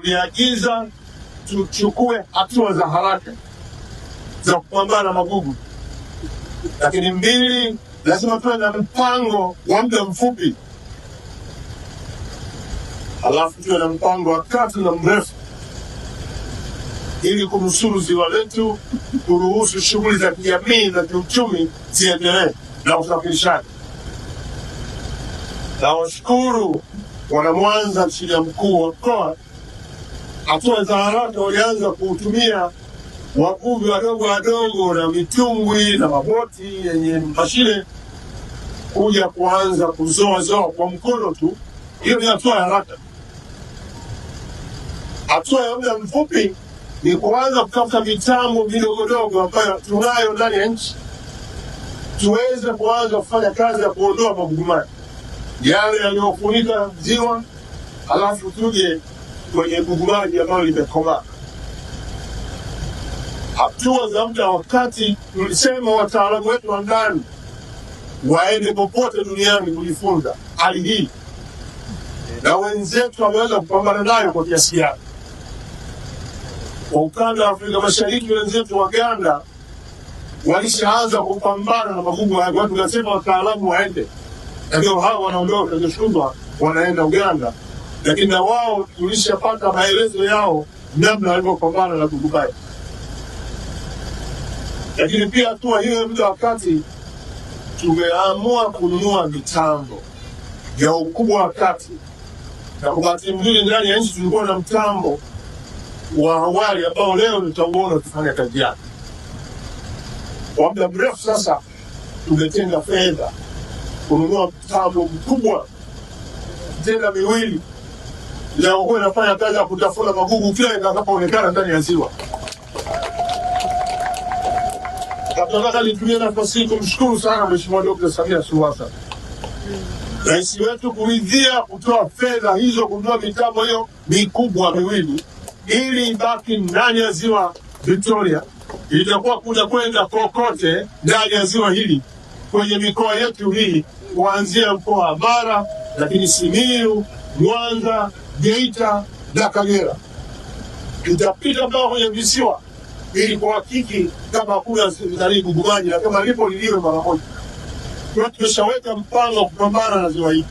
tuliagiza tuchukue hatua za haraka za kupambana na magugu, lakini mbili, lazima tuwe na mpango wa muda mfupi, halafu tuwe na mpango wa kati na mrefu ili kunusuru ziwa letu, kuruhusu shughuli za kijamii na kiuchumi ziendelee na usafirishaji. Nawashukuru wanamwanza ya mkuu wa mkoa hatua za haraka walianza kuutumia wavuvi wadogo wadogo na mitumbwi na maboti yenye mashine kuja kuanza kuzoazoa kwa mkono tu. Hiyo ni hatua ya haraka. Hatua ya muda mfupi ni kuanza kutafuta mitambo vidogodogo ambayo tunayo ndani ya nchi, tuweze kuanza kufanya kazi ya kuondoa magugu yale yaliyofunika ziwa, halafu tuje kwenye maji ambayo limekomaa. Hatua za muda wakati, tulisema wataalamu wetu wa ndani waende popote duniani kujifunza hali hii, na wenzetu wameweza kupambana nayo kwa kiasi gani. Kwa ukanda wa Afrika Mashariki, wenzetu wa uganda walishaanza kupambana na magugu hayo, nasema wataalamu waende, lakini hao wanaondoka, kesho wanaenda Uganda lakini na wao tulishapata maelezo yao namna walivyopambana na Gugumaji. Lakini pia hatua hiyo muda wakati tumeamua kununua mitambo ya ukubwa wa kati, na kwa bahati mzuri ndani ya nchi tulikuwa na mtambo wa awali ambao leo nitauona ukifanya kazi yake kwa muda mrefu. Sasa tumetenga fedha kununua mtambo mkubwa tena miwili itakuwa inafanya kazi ya kutafuna magugu kila itakapoonekana ndani ya ziwa. Nataka nitumie nafasi hii kumshukuru sana Mheshimiwa Dkt. Samia Suluhu Hassan, rais wetu, kuridhia kutoa fedha hizo kununua mitambo hiyo mikubwa miwili ili ibaki ndani ya ziwa Victoria. Itakuwa kuja kwenda kokote ndani ya ziwa hili kwenye mikoa yetu hii kuanzia mkoa wa Mara, lakini Simiyu, Mwanza, Geita na Kagera. Nitapita mpaka kwenye visiwa ili kuhakiki kama hakuna karibu gugumaji, kama lipo lilio mara moja. Kwa tumeshaweka mpango wa kupambana na ziwa hili.